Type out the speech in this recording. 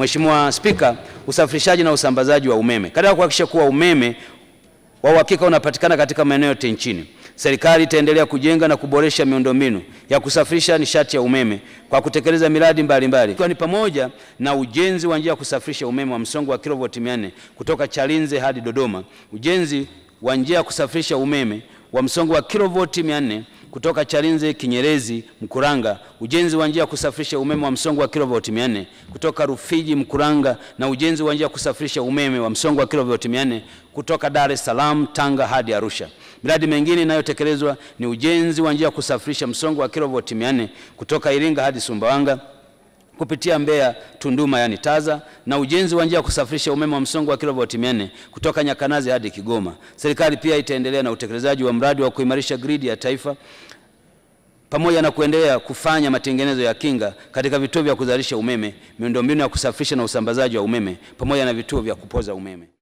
Mheshimiwa Spika, usafirishaji na usambazaji wa umeme. Katika kuhakikisha kuwa umeme wa uhakika unapatikana katika maeneo yote nchini, serikali itaendelea kujenga na kuboresha miundombinu ya kusafirisha nishati ya umeme kwa kutekeleza miradi mbalimbali ikiwa ni pamoja na ujenzi wa njia ya kusafirisha umeme wa msongo wa kilovoti 400 kutoka Chalinze hadi Dodoma, ujenzi wa njia ya kusafirisha umeme wa msongo wa kilovoti 400 kutoka Chalinze Kinyerezi Mkuranga, ujenzi wa njia ya kusafirisha umeme wa msongo wa kilovoti 400 kutoka Rufiji Mkuranga, na ujenzi wa njia ya kusafirisha umeme wa msongo wa kilovoti 400 kutoka Dar es Salaam Tanga hadi Arusha. Miradi mingine inayotekelezwa ni ujenzi wa njia ya kusafirisha msongo wa kilovoti 400 kutoka Iringa hadi Sumbawanga kupitia Mbeya Tunduma yani TAZA na ujenzi wa njia ya kusafirisha umeme wa msongo wa kilovolti 400 kutoka Nyakanazi hadi Kigoma. Serikali pia itaendelea na utekelezaji wa mradi wa kuimarisha gridi ya taifa pamoja na kuendelea kufanya matengenezo ya kinga katika vituo vya kuzalisha umeme, miundombinu ya kusafirisha na usambazaji wa umeme pamoja na vituo vya kupoza umeme.